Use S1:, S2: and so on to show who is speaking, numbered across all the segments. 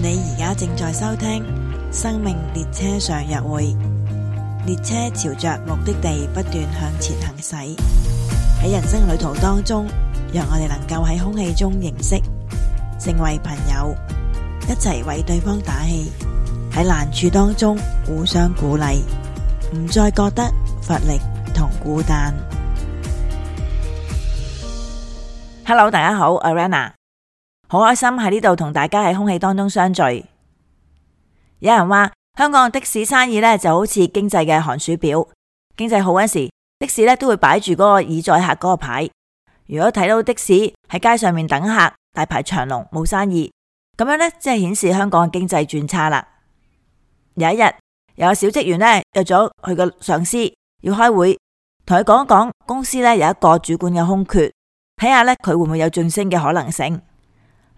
S1: 你而家正在收聽《生命列車上約會》，列車朝着目的地不斷向前行駛。喺人生旅途當中，讓我哋能夠喺空氣中認識，成為朋友，一齊為對方打氣。喺難處當中互相鼓勵，唔再覺得乏力同孤單。Hello，大家好，I'm Rana。好開心喺呢度同大家喺空氣當中相聚。有人話香港的士生意呢就好似經濟嘅寒暑表，經濟好嗰時的士呢都會擺住嗰個已載客嗰個牌。如果睇到的士喺街上面等客，大排長龍，冇生意，咁樣呢即係顯示香港嘅經濟轉差啦。有一日，有個小職員呢約咗佢個上司要開會，同佢講一講公司呢有一個主管嘅空缺，睇下呢佢會唔會有晉升嘅可能性。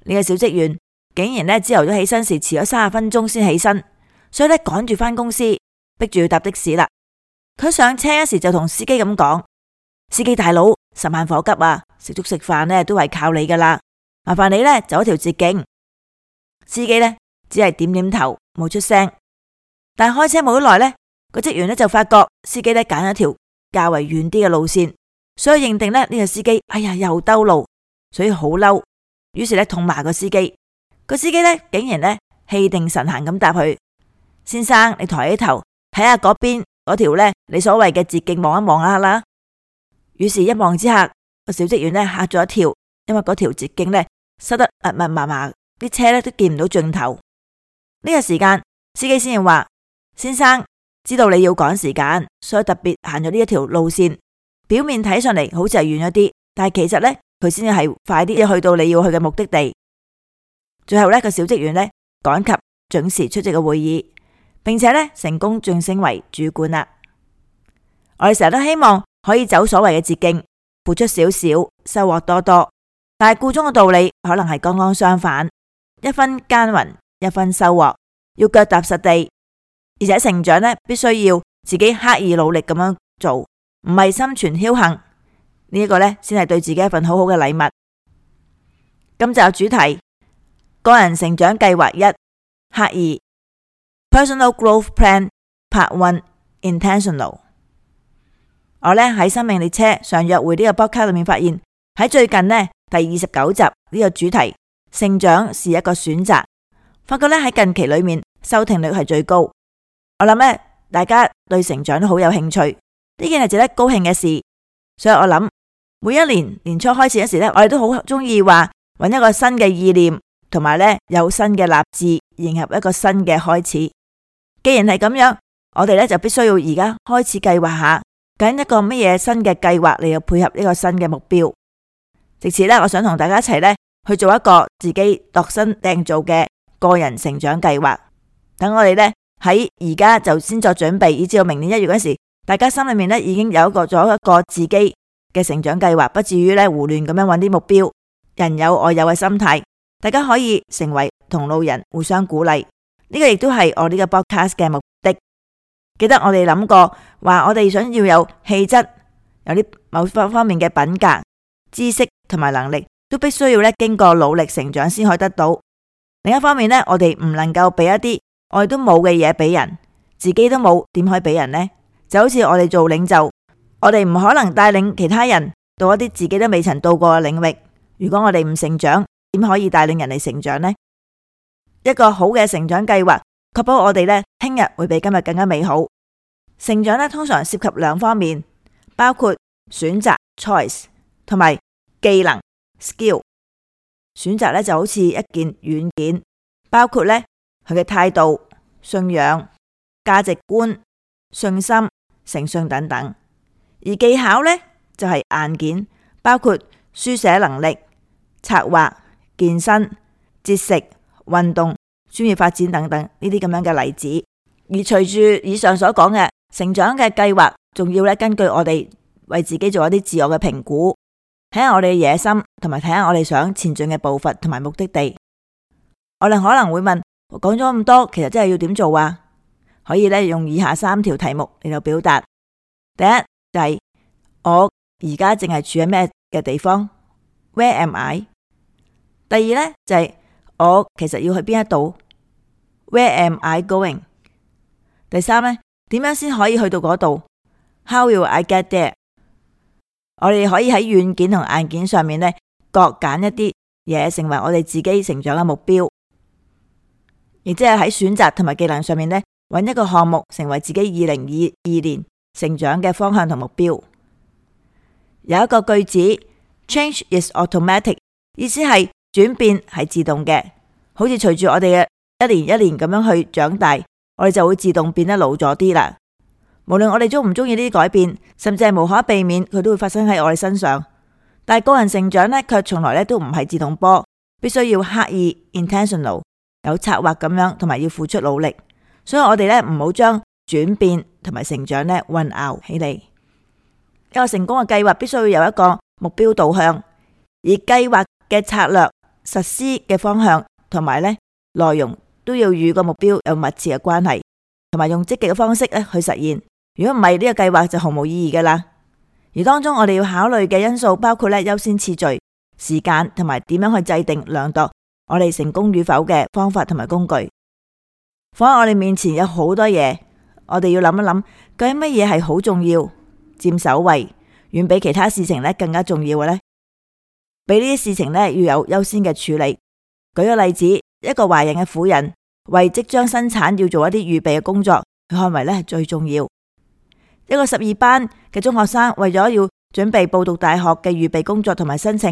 S1: 呢個小職員竟然咧朝頭早起身時遲咗三十分鐘先起身，所以咧趕住翻公司，逼住要搭的士啦。佢上車嗰時就同司機咁講：司機大佬，十萬火急啊！食粥食飯咧都係靠你噶啦，麻煩你咧走一條捷徑。司機咧只係點點頭，冇出聲。但係開車冇幾耐咧，個職員咧就發覺司機咧揀咗條較為遠啲嘅路線，所以認定咧呢個司機哎呀又兜路，所以好嬲。於是咧，痛罵個司機，個司機咧，竟然咧氣定神閒咁答佢：先生，你抬起頭睇下嗰邊嗰條咧，看看那那條你所謂嘅捷徑，望一望啦。於是，一望之下，個小職員咧吓咗一跳，因為嗰條捷徑咧塞得密密麻麻，啲車咧都見唔到盡頭。呢、這個時間，司機先至話：先生，知道你要趕時間，所以特別行咗呢一條路線。表面睇上嚟好似係遠咗啲，但係其實咧。佢先至係快啲去到你要去嘅目的地。最後呢個小職員咧趕及準時出席嘅會議，並且咧成功晉升為主管啦。我哋成日都希望可以走所謂嘅捷徑，付出少少，收穫多多。但係箇中嘅道理可能係剛剛相反，一分耕耘，一分收穫。要腳踏實地，而且成長呢，必須要自己刻意努力咁樣做，唔係心存僥倖。呢一個咧，先係對自己一份好好嘅禮物。今集主題個人成長計劃一，刻意 Personal Growth Plan Part One Intentional。我咧喺生命列車上約會呢個 podcast 裏面發現，喺最近呢第二十九集呢、這個主題成長是一個選擇，發覺咧喺近期裏面收聽率係最高。我諗咧，大家對成長都好有興趣，呢件係值得高興嘅事，所以我諗。每一年年初開始嗰時咧，我哋都好中意話揾一個新嘅意念，同埋咧有新嘅立志，迎合一個新嘅開始。既然係咁樣，我哋咧就必須要而家開始計劃下，揀一個乜嘢新嘅計劃嚟去配合呢個新嘅目標。藉此咧，我想同大家一齊咧去做一個自己度身訂造嘅個人成長計劃。等我哋咧喺而家就先作準備，以至到明年一月嗰時，大家心裏面咧已經有一個咗一個自己。嘅成長計劃，不至於咧胡亂咁樣揾啲目標，人有我有嘅心態，大家可以成為同路人，互相鼓勵。呢、這個亦都係我呢個 Podcast 嘅目的。記得我哋諗過，話我哋想要有氣質，有啲某方方面嘅品格、知識同埋能力，都必須要咧經過努力成長先可以得到。另一方面咧，我哋唔能夠俾一啲我哋都冇嘅嘢俾人，自己都冇，點可以俾人呢？就好似我哋做領袖。我哋唔可能帶領其他人到一啲自己都未曾到過嘅領域。如果我哋唔成長，點可以帶領人哋成長呢？一個好嘅成長計劃，確保我哋呢聽日會比今日更加美好。成長呢通常涉及兩方面，包括選擇 （choice） 同埋技能 （skill）。選擇呢就好似一件軟件，包括呢佢嘅態度、信仰、價值觀、信心、誠信等等。而技巧呢，就係硬件，包括書寫能力、策劃、健身、節食、運動、專業發展等等呢啲咁樣嘅例子。而隨住以上所講嘅成長嘅計劃，仲要咧根據我哋為自己做一啲自我嘅評估，睇下我哋嘅野心，同埋睇下我哋想前進嘅步伐同埋目的地。我哋可能會問：講咗咁多，其實真係要點做啊？可以咧用以下三條題目嚟到表達。第一。第一、就是、我而家淨係住喺咩嘅地方？Where am I？第二呢，就係、是、我其實要去邊一度？Where am I going？第三呢，點樣先可以去到嗰度？How will I get there？我哋可以喺軟件同硬件上面呢，各揀一啲嘢成為我哋自己成長嘅目標，亦即係喺選擇同埋技能上面呢，揾一個項目成為自己二零二二年。成長嘅方向同目標。有一個句子，Change is automatic，意思係轉變係自動嘅，好似隨住我哋嘅一年一年咁樣去長大，我哋就會自動變得老咗啲啦。無論我哋中唔中意呢啲改變，甚至係無可避免，佢都會發生喺我哋身上。但係個人成長呢，卻從來呢都唔係自動波，必須要刻意 intentional，有策劃咁樣，同埋要付出努力。所以我哋呢，唔好將轉變。同埋成長呢，混淆起嚟。一個成功嘅計劃，必須要有一個目標導向，而計劃嘅策略、實施嘅方向同埋呢，內容，都要與個目標有密切嘅關係，同埋用積極嘅方式咧去實現。如果唔係呢個計劃就毫無意義噶啦。而當中我哋要考慮嘅因素包括呢，優先次序、時間同埋點樣去制定量度我哋成功與否嘅方法同埋工具。放喺我哋面前有好多嘢。我哋要諗一諗，究竟乜嘢係好重要、佔首位，遠比其他事情呢更加重要嘅呢？俾呢啲事情呢要有優先嘅處理。舉個例子，一個懷孕嘅婦人為即將生產要做一啲預備嘅工作，佢看為呢係最重要。一個十二班嘅中學生為咗要準備報讀大學嘅預備工作同埋申請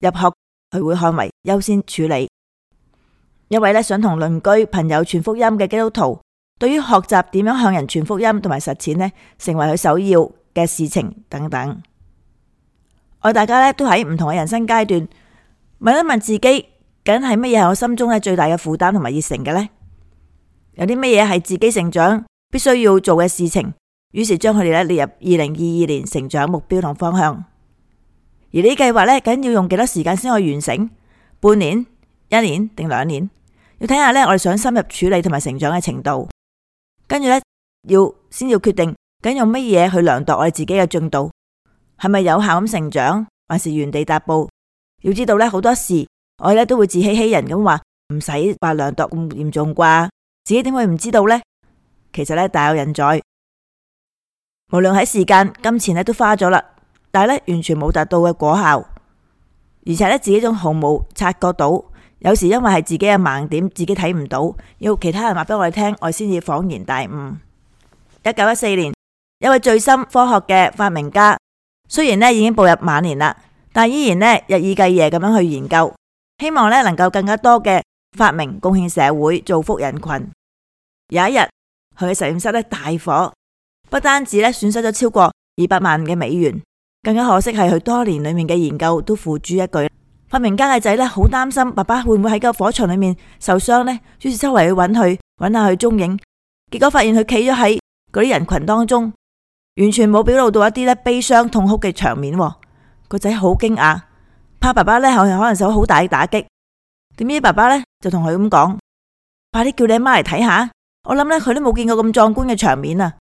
S1: 入學，佢會看為優先處理。一位呢想同鄰居朋友傳福音嘅基督徒。對於學習點樣向人傳福音同埋實踐呢，成為佢首要嘅事情等等。我哋大家呢都喺唔同嘅人生階段，問一問自己，緊係乜嘢係我心中咧最大嘅負擔同埋熱誠嘅呢？有啲乜嘢係自己成長必須要做嘅事情？於是將佢哋呢列入二零二二年成長目標同方向。而呢計劃呢，緊要用幾多時間先可以完成？半年、一年定兩年？要睇下呢，我哋想深入處理同埋成長嘅程度。跟住呢，要先要決定，咁用乜嘢去量度我哋自己嘅進度，係咪有效咁成長，還是原地踏步？要知道呢，好多時我哋都會自欺欺人咁話，唔使話量度咁嚴重啩，自己點會唔知道呢？其實呢，大有人在，無論喺時間、金錢呢都花咗啦，但係呢，完全冇達到嘅果效，而且呢，自己仲毫無察覺到。有時因為係自己嘅盲點，自己睇唔到，要其他人話俾我哋聽，我先至恍然大悟。一九一四年，一位最新科學嘅發明家，雖然咧已經步入晚年啦，但依然咧日以繼夜咁樣去研究，希望咧能夠更加多嘅發明貢獻社會，造福人群。有一日，佢嘅實驗室咧大火，不單止咧損失咗超過二百萬嘅美元，更加可惜係佢多年裏面嘅研究都付諸一炬。發明家嘅仔咧，好擔心爸爸會唔會喺個火場裏面受傷呢，於是周圍去揾佢，揾下佢蹤影，結果發現佢企咗喺嗰啲人群當中，完全冇表露到一啲咧悲傷痛哭嘅場面。個仔好驚訝，怕爸爸咧後可能受好大嘅打擊。點知爸爸咧就同佢咁講：快啲叫你阿媽嚟睇下，我諗咧佢都冇見過咁壯觀嘅場面啊！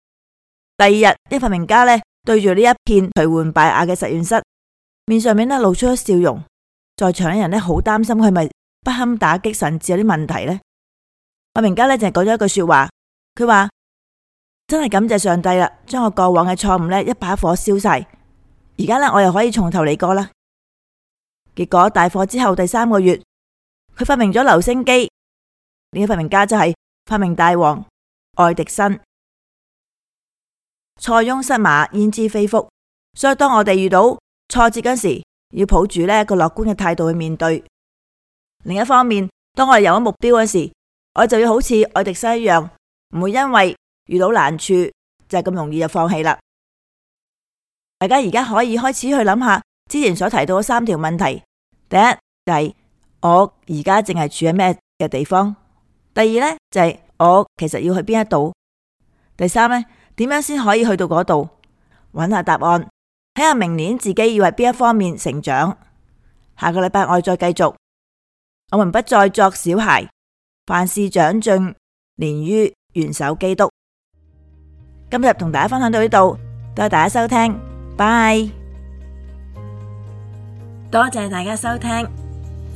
S1: 第二日，啲發明家咧對住呢一片頹垣敗瓦嘅實驗室，面上面咧露出咗笑容。在場嘅人呢，好擔心佢咪不堪打擊，甚至有啲問題呢。發明家呢，淨係講咗一句說話，佢話：真係感謝上帝啦，將我過往嘅錯誤呢一把火燒晒，而家呢，我又可以從頭嚟過啦。結果大火之後第三個月，佢發明咗留聲機。呢個發明家就係發明大王愛迪生。塞翁失馬，焉知非福，所以當我哋遇到挫折嗰時，要抱住呢個樂觀嘅態度去面對。另一方面，當我哋有咗目標嘅時，我就要好似愛迪生一樣，唔會因為遇到難處就係咁容易就放棄啦。大家而家可以開始去諗下之前所提到嘅三條問題。第一就係我而家正係處喺咩嘅地方？第二呢就係我其實要去邊一度？第三呢點樣先可以去到嗰度？揾下答案。睇下明年自己要為邊一方面成長，下個禮拜我哋再繼續。我們不再作小孩，凡事長進，連於元首基督。今日同大家分享到呢度，多謝大家收聽，Bye，多謝大家收聽。